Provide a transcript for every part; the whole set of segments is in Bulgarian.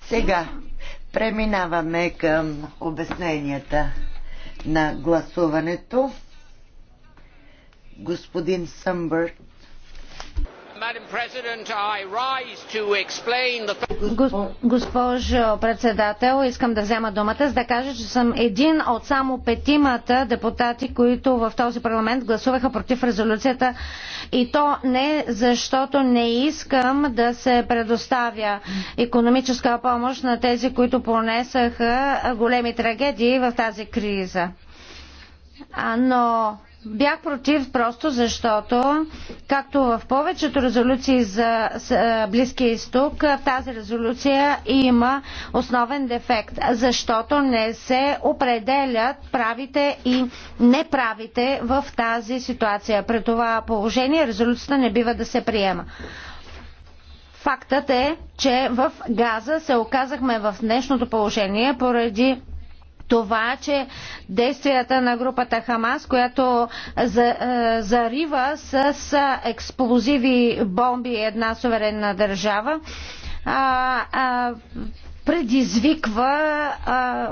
Сега преминаваме към обясненията на гласуването. Господин Съмбърг Госпожо председател, искам да взема думата, за да кажа, че съм един от само петимата депутати, които в този парламент гласуваха против резолюцията. И то не защото не искам да се предоставя економическа помощ на тези, които понесаха големи трагедии в тази криза. Но Бях против просто защото, както в повечето резолюции за Близкия изток, в тази резолюция има основен дефект, защото не се определят правите и неправите в тази ситуация. При това положение резолюцията не бива да се приема. Фактът е, че в Газа се оказахме в днешното положение поради това, че действията на групата Хамас, която за, е, зарива с, с е, експлозиви бомби една суверенна държава, а, а, предизвиква а,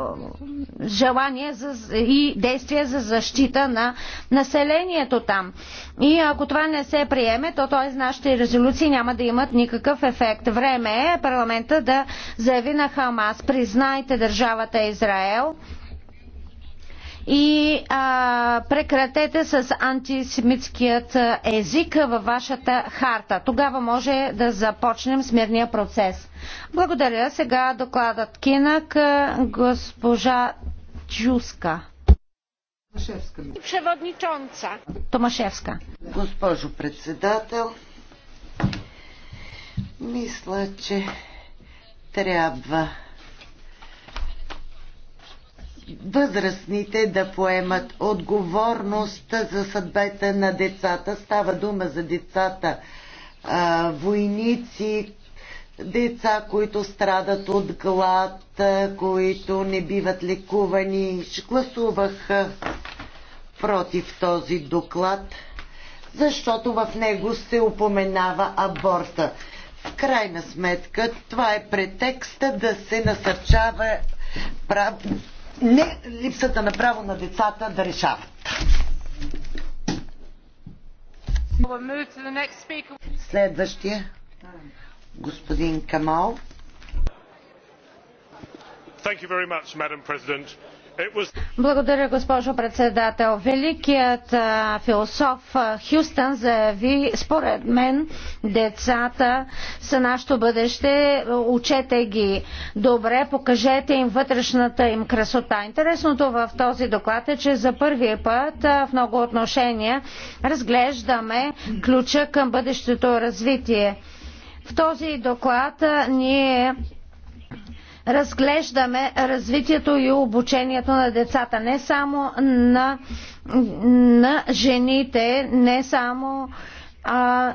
желание за, и действия за защита на населението там. И ако това не се приеме, то т.е. нашите резолюции няма да имат никакъв ефект. Време е парламента да заяви на Хамас, признайте държавата Израел и а, прекратете с антисемитският език във вашата харта. Тогава може да започнем с мирния процес. Благодаря. Сега докладът Кинак, госпожа Джуска. Przewodnicząca. Томашевска. Госпожо председател, мисля, че трябва възрастните да поемат отговорност за съдбата на децата. Става дума за децата а, войници, деца, които страдат от глад, които не биват лекувани. Гласувах против този доклад, защото в него се упоменава аборта. В крайна сметка това е претекста да се насърчава прав не липсата на право на децата да решават. Следващия господин Камал. Thank you very much, Madam President. Благодаря, госпожо председател. Великият философ Хюстън заяви, според мен, децата са нашето бъдеще, учете ги добре, покажете им вътрешната им красота. Интересното в този доклад е, че за първи път в много отношения разглеждаме ключа към бъдещето развитие. В този доклад ние разглеждаме развитието и обучението на децата, не само на, на жените, не само а,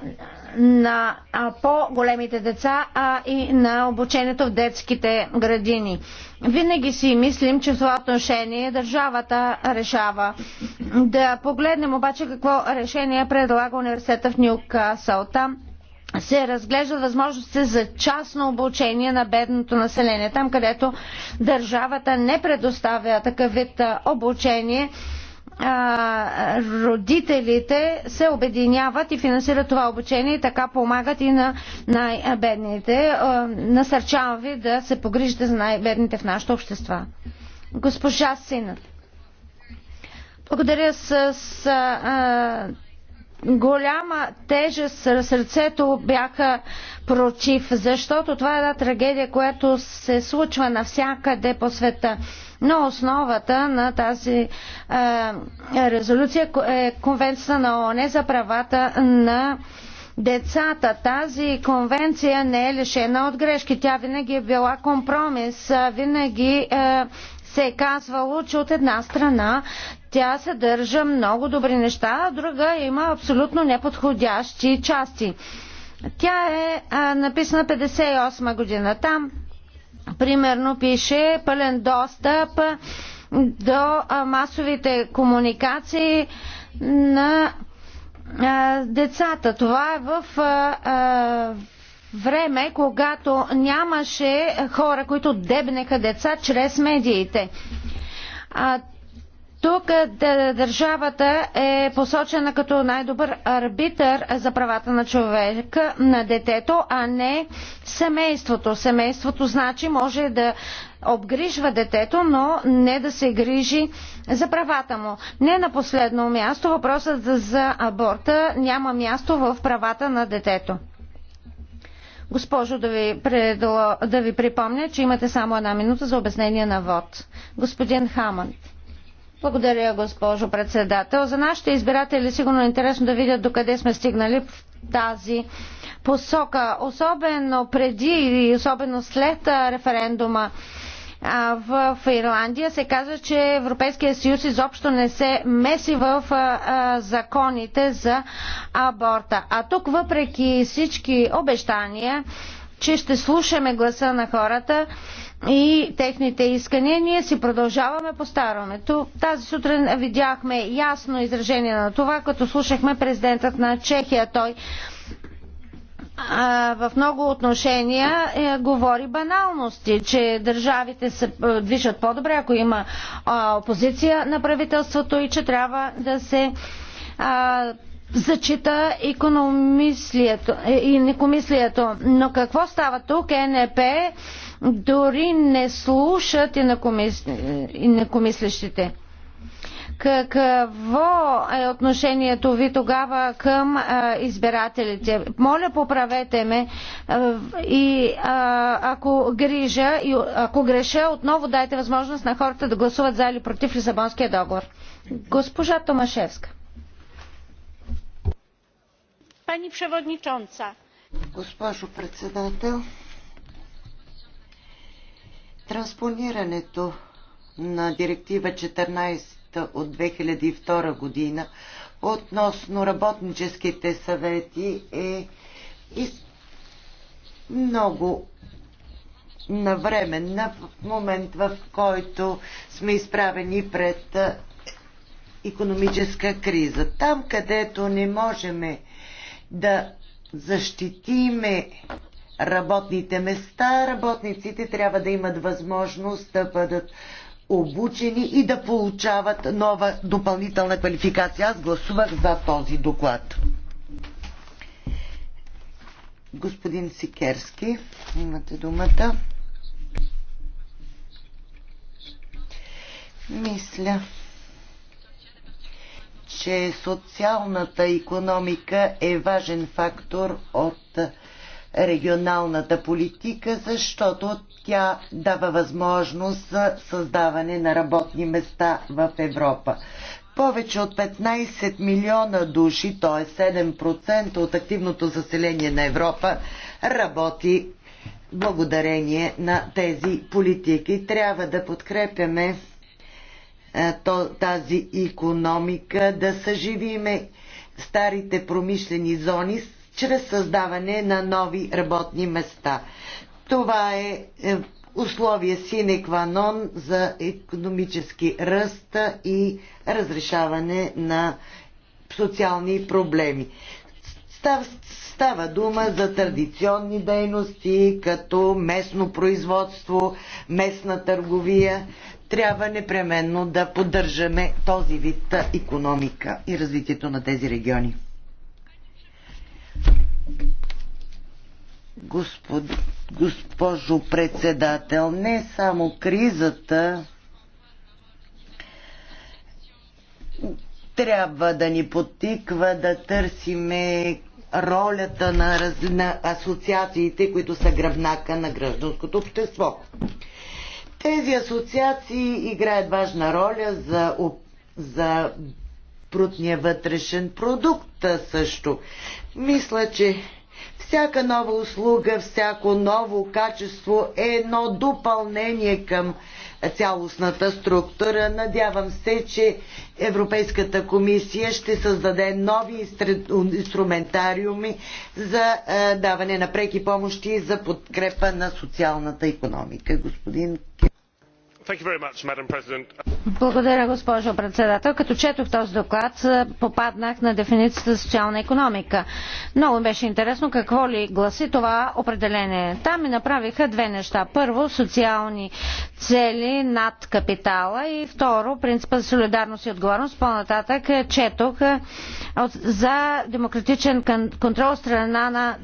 на по-големите деца, а и на обучението в детските градини. Винаги си мислим, че в това отношение държавата решава. Да погледнем обаче какво решение предлага университета в Нюкасъл. Там се разглеждат възможности за частно обучение на бедното население. Там, където държавата не предоставя такъв вид обучение, родителите се обединяват и финансират това обучение и така помагат и на най-бедните. Насърчавам ви да се погрижите за най-бедните в нашите общества. Госпожа Синът. Благодаря с, с а, голяма тежест сърцето бяха против, защото това е една трагедия, която се случва навсякъде по света. Но основата на тази е, резолюция е Конвенцията на ООН за правата на децата. Тази конвенция не е лишена от грешки. Тя винаги е била компромис, винаги е, се е казвало, че от една страна тя съдържа много добри неща, а друга има абсолютно неподходящи части. Тя е а, написана 58 година. Там примерно пише пълен достъп до а, масовите комуникации на а, децата. Това е в а, а, време, когато нямаше хора, които дебнеха деца чрез медиите. А, тук държавата е посочена като най-добър арбитър за правата на човека, на детето, а не семейството. Семейството значи може да обгрижва детето, но не да се грижи за правата му. Не на последно място въпросът за аборта няма място в правата на детето. Госпожо, да ви, предло... да ви припомня, че имате само една минута за обяснение на вод. Господин Хамънд. Благодаря, госпожо председател. За нашите избиратели е сигурно е интересно да видят докъде сме стигнали в тази посока, особено преди и особено след референдума в Ирландия се казва, че Европейския съюз изобщо не се меси в законите за аборта. А тук, въпреки всички обещания, че ще слушаме гласа на хората и техните искания, ние си продължаваме по старомето. Тази сутрин видяхме ясно изражение на това, като слушахме президентът на Чехия. Той в много отношения е, говори баналности, че държавите се е, движат по-добре, ако има а, опозиция на правителството и че трябва да се зачита економислието. Е, Но какво става тук? Е НП дори не слушат и на какво е отношението ви тогава към а, избирателите? Моля, поправете ме а, и а, ако грижа и ако греша, отново дайте възможност на хората да гласуват за или против Лисабонския договор. Госпожа Томашевска. Пани Преводничонца. Госпожо председател, транспонирането на директива 14 директивата от 2002 година относно работническите съвети е много навременна в момент, в който сме изправени пред економическа криза. Там, където не можем да защитиме работните места, работниците трябва да имат възможност да бъдат обучени и да получават нова допълнителна квалификация. Аз гласувах за този доклад. Господин Сикерски, имате думата. Мисля, че социалната економика е важен фактор от регионалната политика, защото тя дава възможност за създаване на работни места в Европа. Повече от 15 милиона души, т.е. 7% от активното заселение на Европа, работи благодарение на тези политики. Трябва да подкрепяме е, тази економика, да съживиме старите промишлени зони чрез създаване на нови работни места. Това е, е условие синекванон за економически ръст и разрешаване на социални проблеми. става дума за традиционни дейности, като местно производство, местна търговия. Трябва непременно да поддържаме този вид економика и развитието на тези региони. Господ, госпожо председател, не само кризата трябва да ни потиква да търсиме ролята на, раз... на асоциациите, които са гръбнака на гражданското общество. Тези асоциации играят важна роля за, за брутния вътрешен продукт също. Мисля, че всяка нова услуга, всяко ново качество е едно допълнение към цялостната структура. Надявам се, че Европейската комисия ще създаде нови инструментариуми за даване на преки помощи за подкрепа на социалната економика. Господин благодаря, госпожо председател. Като четох този доклад, попаднах на дефиницията за социална економика. Много беше интересно какво ли гласи това определение. Там ми направиха две неща. Първо, социални цели над капитала и второ, принципа за солидарност и отговорност. По-нататък четох за демократичен контрол страна на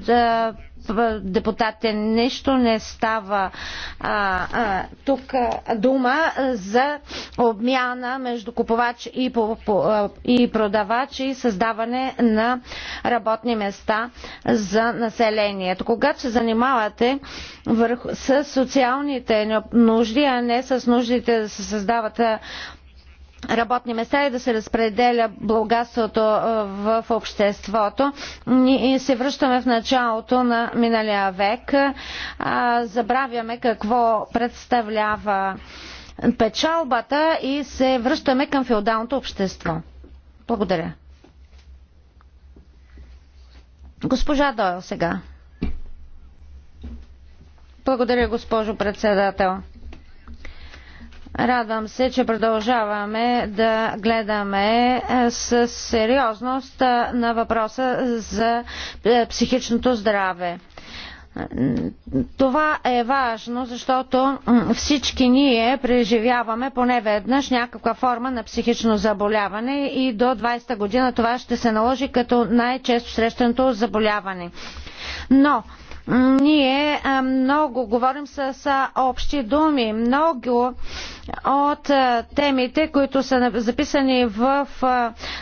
Депутате Нещо не става а, а, тук а, дума за обмяна между купувач и, по, по, и продавач и създаване на работни места за населението. Когато се занимавате върху, с социалните нужди, а не с нуждите да се създават работни места и да се разпределя богатството в обществото. и се връщаме в началото на миналия век. Забравяме какво представлява печалбата и се връщаме към феодалното общество. Благодаря. Госпожа Дойл сега. Благодаря, госпожо председател. Радвам се, че продължаваме да гледаме е, с сериозност е, на въпроса за е, психичното здраве. Това е важно, защото всички ние преживяваме поне веднъж някаква форма на психично заболяване и до 20-та година това ще се наложи като най-често срещаното заболяване. Но ние много говорим с общи думи. Много от темите, които са записани в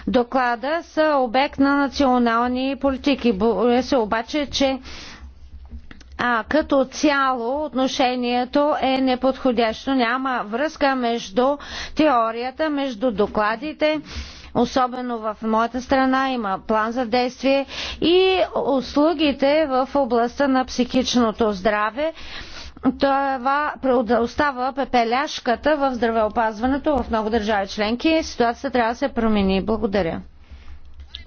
доклада, са обект на национални политики. Боя е, се обаче, че а, като цяло отношението е неподходящо. Няма връзка между теорията, между докладите особено в моята страна, има план за действие и услугите в областта на психичното здраве. Това остава пепеляшката в здравеопазването в много държави членки. Ситуацията трябва да се промени. Благодаря.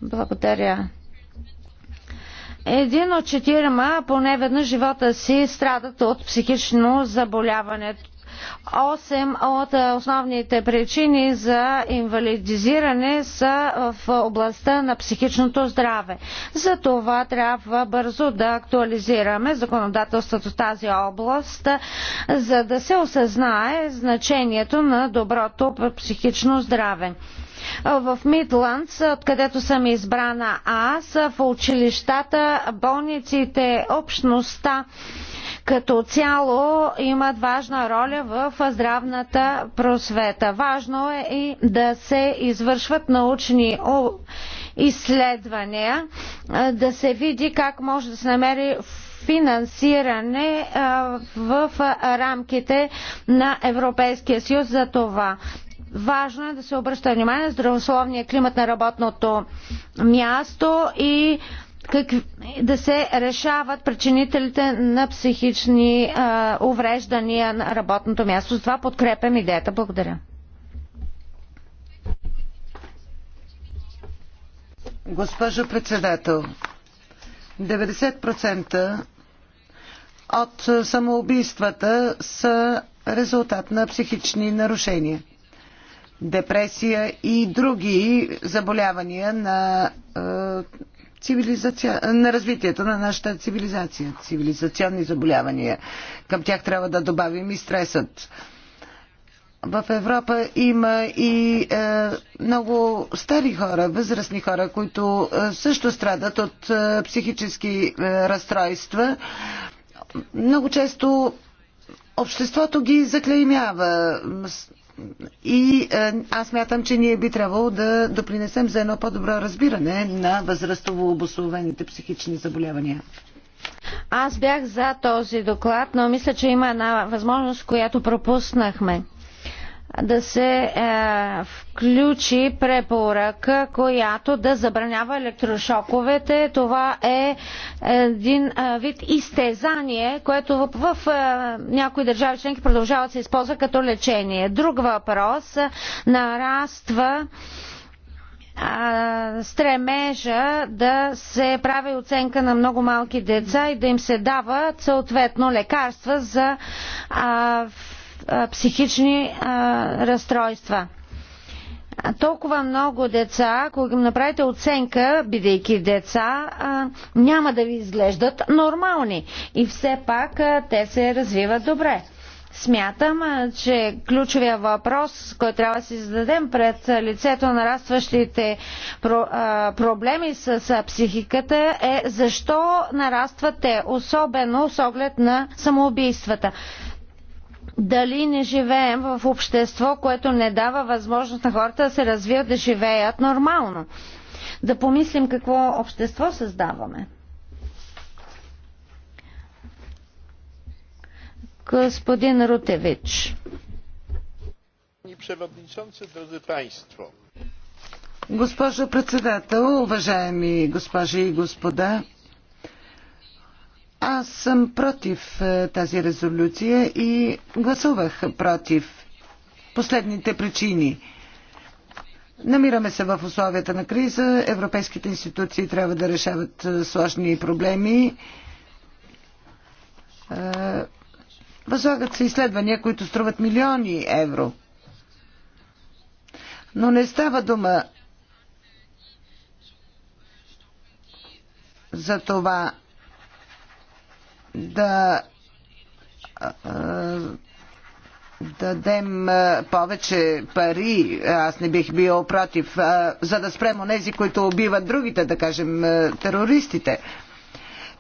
Благодаря. Един от четирима поне веднъж живота си страдат от психично заболяване. Осем от е, основните причини за инвалидизиране са в областта на психичното здраве. За това трябва бързо да актуализираме законодателството в тази област, за да се осъзнае значението на доброто психично здраве в Мидландс, откъдето съм избрана аз, в училищата, болниците, общността като цяло имат важна роля в здравната просвета. Важно е и да се извършват научни изследвания, да се види как може да се намери финансиране в рамките на Европейския съюз за това. Важно е да се обръща внимание на здравословния климат на работното място и как, да се решават причинителите на психични а, увреждания на работното място. С това подкрепям идеята. Благодаря. Госпожо председател, 90% от самоубийствата са резултат на психични нарушения. Депресия и други заболявания на е, цивилизация, на развитието на нашата цивилизация, цивилизационни заболявания. Към тях трябва да добавим и стресът. В Европа има и е, много стари хора, възрастни хора, които е, също страдат от е, психически е, разстройства. Много често обществото ги заклеймява, и е, аз мятам, че ние би трябвало да допринесем за едно по-добро разбиране на възрастово обословените психични заболявания. Аз бях за този доклад, но мисля, че има една възможност, която пропуснахме да се е, включи препоръка, която да забранява електрошоковете. Това е един е, вид изтезание, което в, в е, някои държави членки продължава да се използва като лечение. Друг въпрос нараства стремежа да се прави оценка на много малки деца и да им се дават съответно лекарства за а, психични разстройства. Толкова много деца, ако им направите оценка, бидейки деца, няма да ви изглеждат нормални. И все пак те се развиват добре. Смятам, че ключовия въпрос, който трябва да си зададем пред лицето на нарастващите проблеми с психиката е защо нарастват те, особено с оглед на самоубийствата дали не живеем в общество, което не дава възможност на хората да се развият, да живеят нормално. Да помислим какво общество създаваме. Господин Рутевич. Госпожо председател, уважаеми госпожи и господа, аз съм против е, тази резолюция и гласувах против последните причини. Намираме се в условията на криза. Европейските институции трябва да решават е, сложни проблеми. Е, възлагат се изследвания, които струват милиони евро. Но не става дума за това да дадем повече пари, аз не бих бил против, за да спрем онези, които убиват другите, да кажем терористите.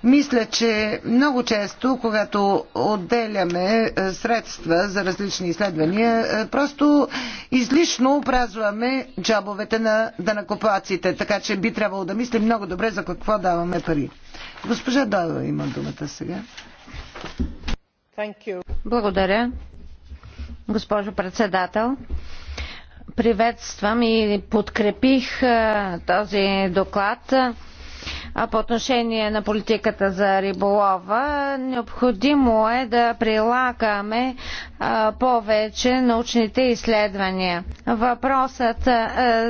Мисля, че много често, когато отделяме е, средства за различни изследвания, е, просто излишно опразваме джабовете на данакоплаците, така че би трябвало да мислим много добре за какво даваме пари. Госпожа Дойла има думата сега. Благодаря. Госпожо председател, приветствам и подкрепих е, този доклад по отношение на политиката за риболова. Необходимо е да прилагаме повече научните изследвания. Въпросът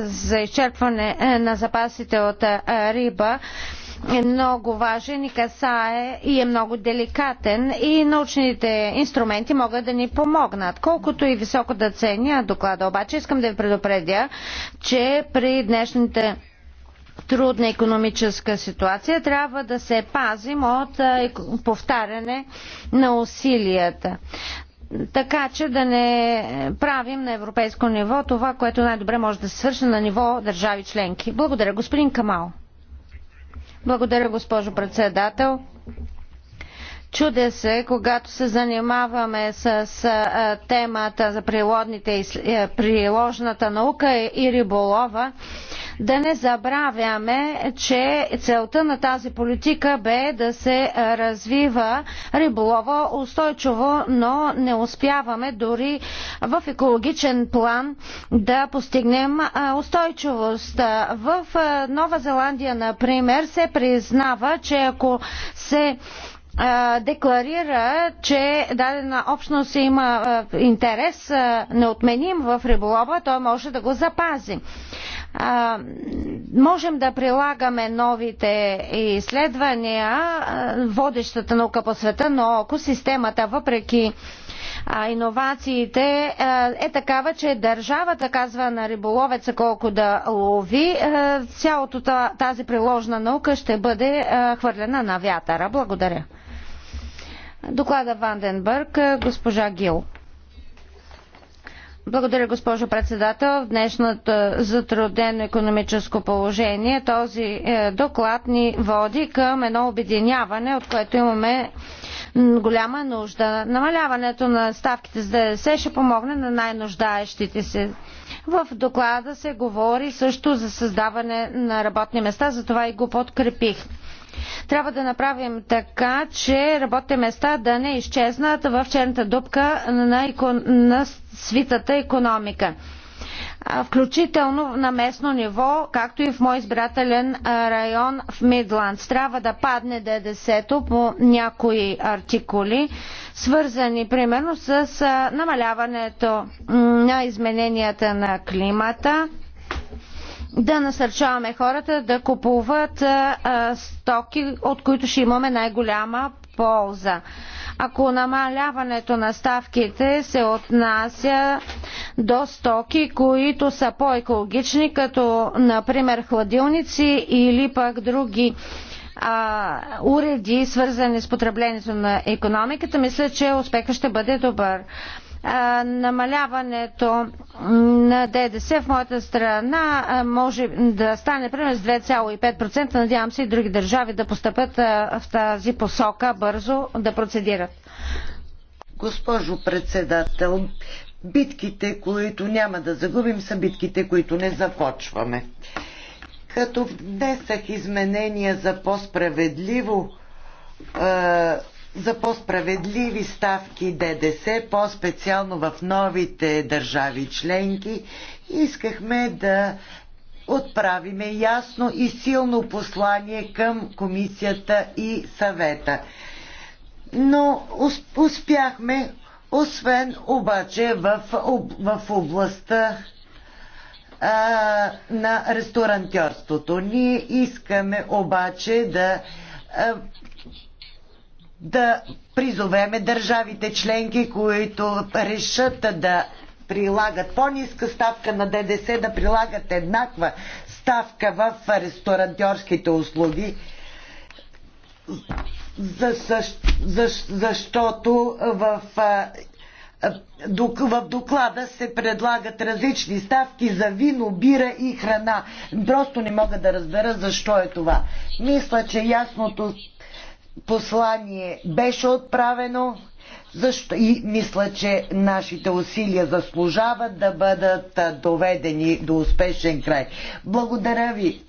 за изчерпване на запасите от риба е много важен и касае и е много деликатен и научните инструменти могат да ни помогнат. Колкото и високо да ценя доклада, обаче искам да ви предупредя, че при днешните трудна економическа ситуация, трябва да се пазим от повтаряне на усилията така че да не правим на европейско ниво това, което най-добре може да се свърши на ниво държави членки. Благодаря, господин Камал. Благодаря, госпожо председател. Чудя се, когато се занимаваме с, темата за природните, е, приложната наука и риболова, да не забравяме, че целта на тази политика бе да се развива риболова устойчиво, но не успяваме дори в екологичен план да постигнем устойчивост. В Нова Зеландия, например, се признава, че ако се декларира, че дадена общност има интерес неотменим в риболова, той може да го запази. Можем да прилагаме новите изследвания, водещата наука по света, но ако системата, въпреки а иновациите е такава, че държавата казва на риболовеца колко да лови, цялото тази приложна наука ще бъде хвърлена на вятъра. Благодаря. Доклада Ванденбърг, госпожа Гил. Благодаря, госпожо председател. В днешното затруднено економическо положение този е, доклад ни води към едно обединяване, от което имаме голяма нужда. Намаляването на ставките за ДДС ще помогне на най-нуждаещите се. В доклада се говори също за създаване на работни места, затова и го подкрепих. Трябва да направим така, че работните места да не изчезнат в черната дупка на, икон... на свитата економика включително на местно ниво, както и в мой избирателен район в Мидландс. Трябва да падне ДДС-то по някои артикули, свързани примерно с намаляването на измененията на климата, да насърчаваме хората да купуват стоки, от които ще имаме най-голяма полза. Ако намаляването на ставките се отнася до стоки, които са по-екологични, като например хладилници или пък други а, уреди, свързани с потреблението на економиката, мисля, че успехът ще бъде добър намаляването на ДДС в моята страна може да стане примерно с 2,5%. Надявам се и други държави да постъпят в тази посока бързо да процедират. Госпожо председател, битките, които няма да загубим, са битките, които не започваме. Като внесах изменения за по-справедливо за по-справедливи ставки ДДС, по-специално в новите държави членки. Искахме да отправиме ясно и силно послание към комисията и съвета. Но успяхме, освен обаче в, в областта а, на ресторантьорството. Ние искаме обаче да да призовеме държавите членки, които решат да прилагат по-ниска ставка на ДДС, да прилагат еднаква ставка в ресторантьорските услуги, за, същ, за, защото в, в доклада се предлагат различни ставки за вино, бира и храна. Просто не мога да разбера защо е това. Мисля, че ясното послание беше отправено защо и мисля, че нашите усилия заслужават да бъдат доведени до успешен край. Благодаря ви,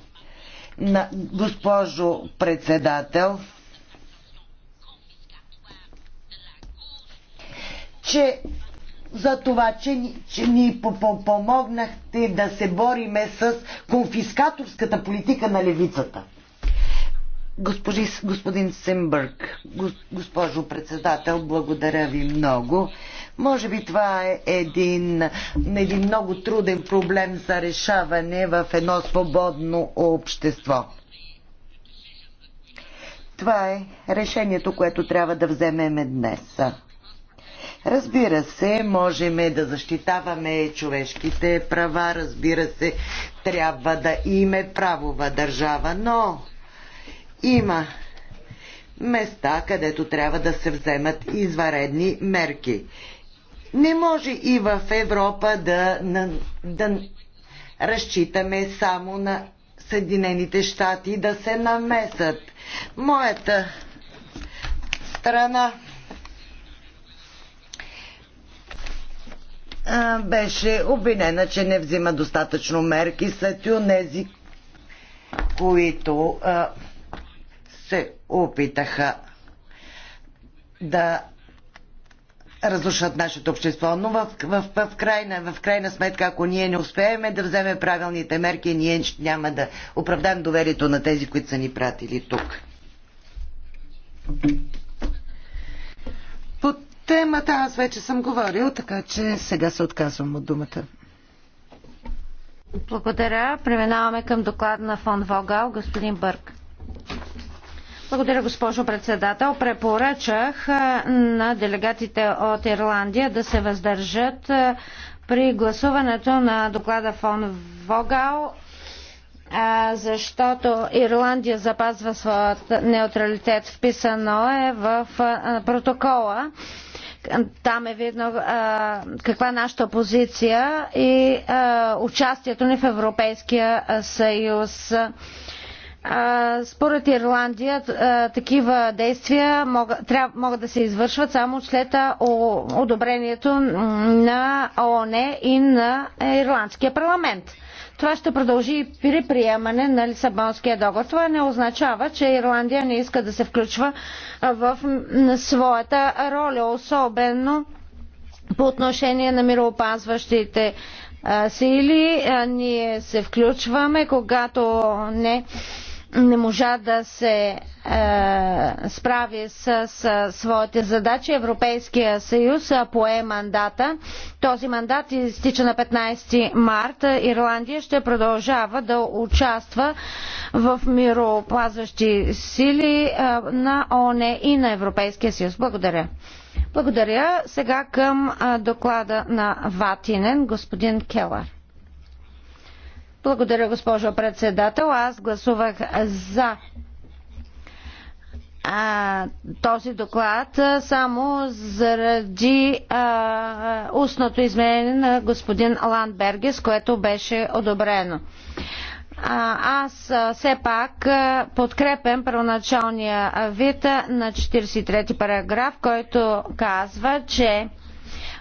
госпожо председател, че за това, че, че ни помогнахте да се бориме с конфискаторската политика на левицата. Госпожи, господин Симбърг, госпожо председател, благодаря ви много. Може би това е един, един много труден проблем за решаване в едно свободно общество. Това е решението, което трябва да вземем днес. Разбира се, можем да защитаваме човешките права, разбира се, трябва да има правова държава, но има места, където трябва да се вземат изваредни мерки. Не може и в Европа да, на, да разчитаме само на Съединените щати да се намесат. Моята страна беше обвинена, че не взима достатъчно мерки след тези, които а, се опитаха да разрушат нашето общество. Но в, в, в, крайна, в крайна сметка, ако ние не успеем да вземем правилните мерки, ние няма да оправдаем доверието на тези, които са ни пратили тук. По темата аз вече съм говорил, така че сега се отказвам от думата. Благодаря. Преминаваме към доклад на фон Вогал, господин Бърк. Благодаря, госпожо председател. Препоръчах на делегатите от Ирландия да се въздържат при гласуването на доклада фон Вогал, защото Ирландия запазва своят неутралитет. Вписано е в протокола. Там е видно каква е нашата позиция и участието ни в Европейския съюз. Според Ирландия такива действия могат да се извършват само след одобрението на ООН и на Ирландския парламент. Това ще продължи и при приемане на Лисабонския договор. Това не означава, че Ирландия не иска да се включва в своята роля, особено по отношение на мироопазващите сили. Ние се включваме, когато не не можа да се е, справи с, с своите задачи. Европейския съюз пое мандата. Този мандат изтича на 15 марта. Ирландия ще продължава да участва в миропазващи сили е, на ОНЕ и на Европейския съюз. Благодаря. Благодаря. Сега към е, доклада на Ватинен, господин Келър. Благодаря, госпожо председател. Аз гласувах за а, този доклад само заради а, устното изменение на господин Ландбергес, което беше одобрено. А, аз все пак подкрепям първоначалния вид на 43 параграф, който казва, че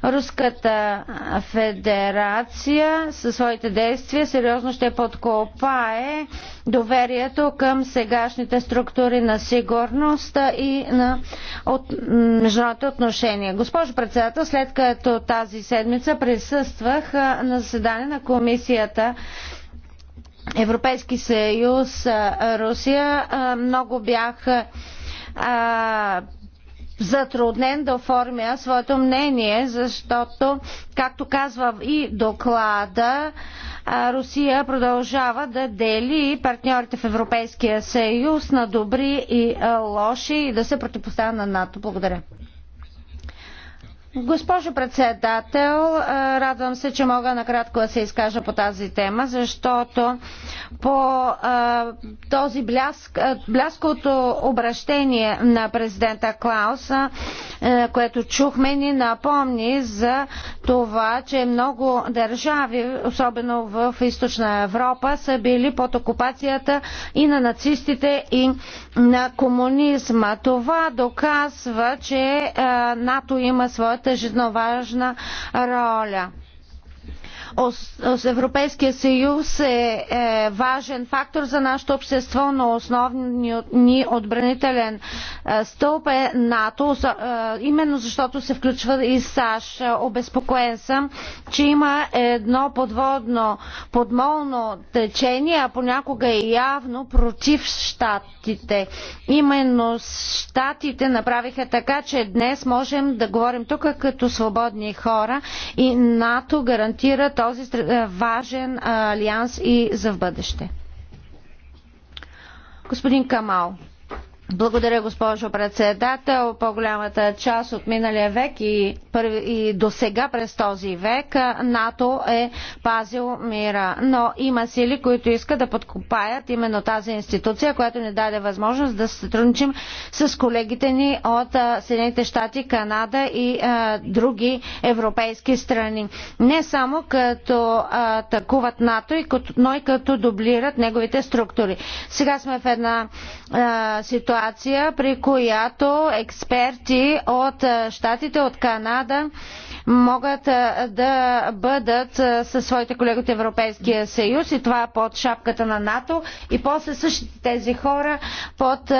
Руската федерация със своите действия сериозно ще подкопае доверието към сегашните структури на сигурност и на от, международните отношения. Госпожо председател, след като тази седмица присъствах на заседание на комисията Европейски съюз, Русия, много бях затруднен да оформя своето мнение, защото, както казва и доклада, Русия продължава да дели партньорите в Европейския съюз на добри и лоши и да се противопоставя на НАТО. Благодаря. Госпожо председател, радвам се, че мога накратко да се изкажа по тази тема, защото по а, този бляск, бляското обращение на президента Клауса, а, което чухме, ни напомни за това, че много държави, особено в източна Европа, са били под окупацията и на нацистите, и на комунизма. Това доказва, че а, НАТО има своята тежат едно важна роля с Европейския съюз е, е важен фактор за нашето общество, но основният ни отбранителен е, стълб е НАТО, е, именно защото се включва и САЩ. Обезпокоен съм, че има едно подводно, подмолно течение, а понякога е явно против щатите. Именно щатите направиха така, че днес можем да говорим тук като свободни хора и НАТО гарантира този този важен алианс и за в бъдеще. Господин Камал. Благодаря, госпожо председател. По-голямата част от миналия век и, и до сега през този век НАТО е пазил мира. Но има сили, които искат да подкопаят именно тази институция, която ни даде възможност да сътрудничим с колегите ни от Съединените щати, Канада и а, други европейски страни. Не само като атакуват НАТО, но и като дублират неговите структури. Сега сме в една а, ситуация, ситуация, при която експерти от Штатите, от Канада могат да бъдат със своите колеги от Европейския съюз и това под шапката на НАТО и после същите тези хора под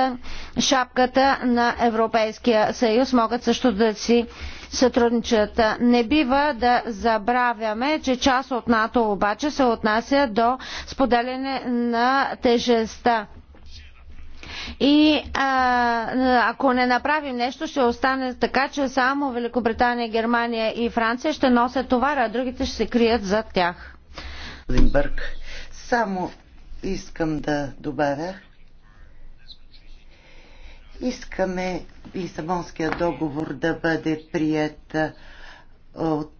шапката на Европейския съюз могат също да си сътрудничат. Не бива да забравяме, че част от НАТО обаче се отнася до споделяне на тежестта. И а, ако не направим нещо, ще остане така, че само Великобритания, Германия и Франция ще носят товара, а другите ще се крият зад тях. Лимбърг, само искам да добавя. Искаме Лисабонския договор да бъде прият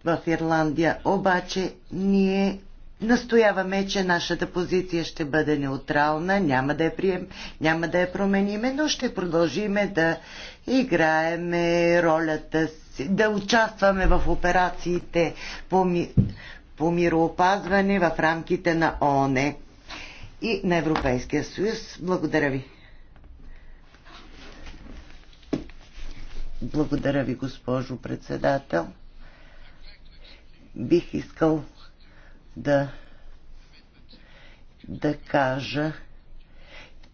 в Ирландия, обаче ние Настояваме, че нашата позиция ще бъде неутрална, няма да я, прием, няма да я промениме, но ще продължиме да играеме ролята си, да участваме в операциите по, ми, по мироопазване в рамките на ООН и на Европейския съюз. Благодаря ви. Благодаря ви, госпожо председател. Бих искал да, да кажа,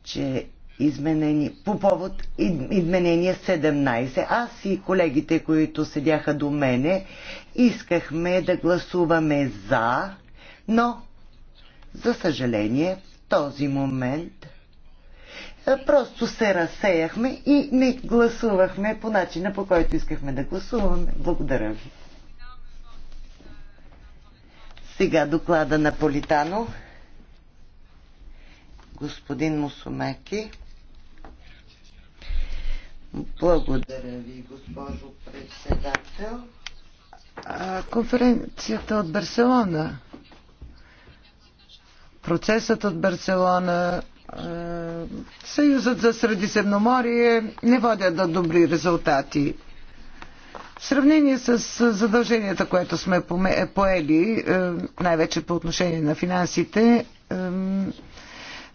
че изменени, по повод изменение 17. Аз и колегите, които седяха до мене, искахме да гласуваме за, но, за съжаление, в този момент е, просто се разсеяхме и не гласувахме по начина, по който искахме да гласуваме. Благодаря ви. Сега доклада на Политано. Господин Мусумеки. Благодаря ви, госпожо председател. конференцията от Барселона. Процесът от Барселона е, Съюзът за Средиземноморие не водят до добри резултати. В сравнение с задълженията, което сме е, поели, е, най-вече по отношение на финансите,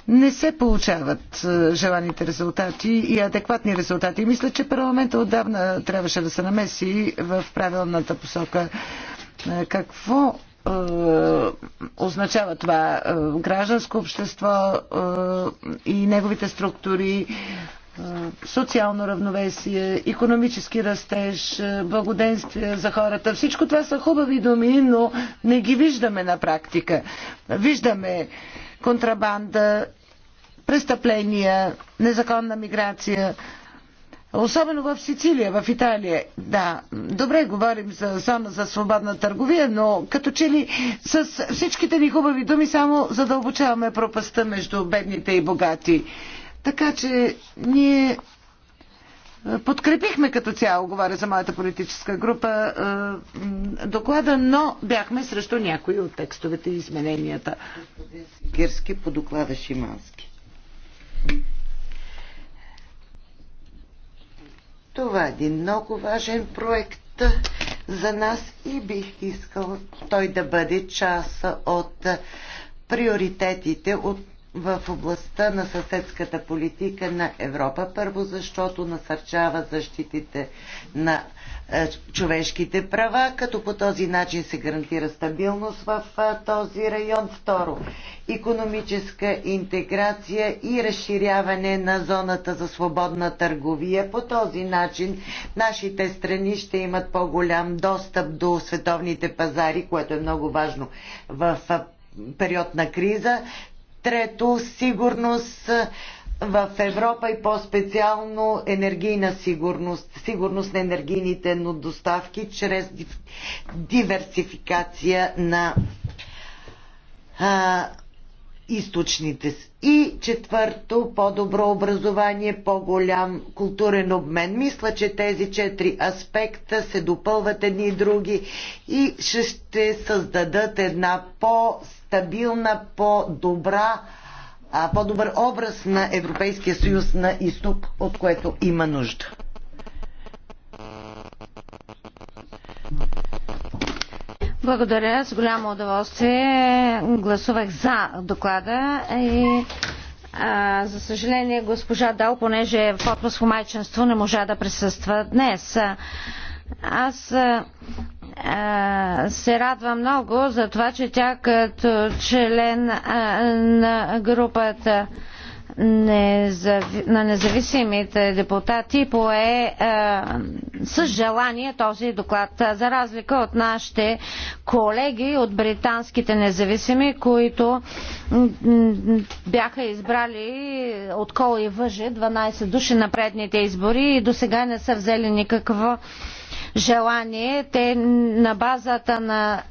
не се получават е, желаните резултати и адекватни резултати. мисля, че парламента отдавна трябваше да се намеси в правилната посока. Какво означава това гражданско общество и неговите структури, социално равновесие, економически растеж, благоденствие за хората. Всичко това са хубави думи, но не ги виждаме на практика. Виждаме контрабанда, престъпления, незаконна миграция. Особено в Сицилия, в Италия. Да, добре говорим за зона за свободна търговия, но като че ли с всичките ни хубави думи само задълбочаваме пропаста между бедните и богати. Така че ние е, подкрепихме като цяло, говоря за моята политическа група, е, доклада, но бяхме срещу някои от текстовете и измененията. Кирски по доклада Шимански. Това е един много важен проект за нас и бих искал той да бъде част от приоритетите от в областта на съседската политика на Европа. Първо, защото насърчава защитите на е, човешките права, като по този начин се гарантира стабилност в е, този район. Второ, економическа интеграция и разширяване на зоната за свободна търговия. По този начин нашите страни ще имат по-голям достъп до световните пазари, което е много важно в е, период на криза. Трето, сигурност в Европа и по-специално енергийна сигурност, сигурност на енергийните доставки чрез диверсификация на източните И четвърто, по-добро образование, по-голям културен обмен. Мисля, че тези четири аспекта се допълват едни и други и ще създадат една по-стабилна, по-добра по-добър образ на Европейския съюз на изток, от което има нужда. Благодаря. С голямо удоволствие гласувах за доклада и а, за съжаление госпожа Дал, понеже е в отпуск в майчинство, не можа да присъства днес. Аз а, се радвам много за това, че тя като член а, на групата а, незави... на независимите депутати пое е, с желание този доклад, за разлика от нашите колеги от британските независими, които бяха избрали от кол и въже 12 души на предните избори и до сега не са взели никакво желание. Те на базата на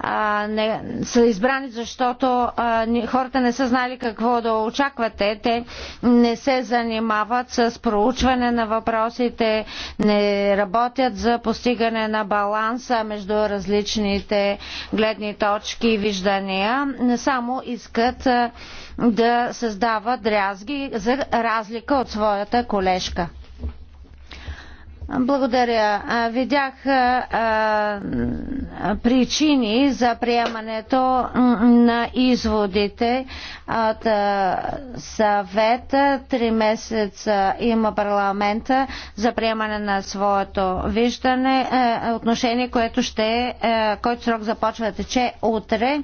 а, не, са избрани, защото а, не, хората не са знали какво да очаквате. Те не се занимават с проучване на въпросите, не работят за постигане на баланса между различните гледни точки и виждания. Не само искат а, да създават дрязги за разлика от своята колежка. Благодаря. Видях причини за приемането на изводите от съвета. Три месеца има парламента за приемане на своето виждане, отношение, което ще, който срок започва да тече утре.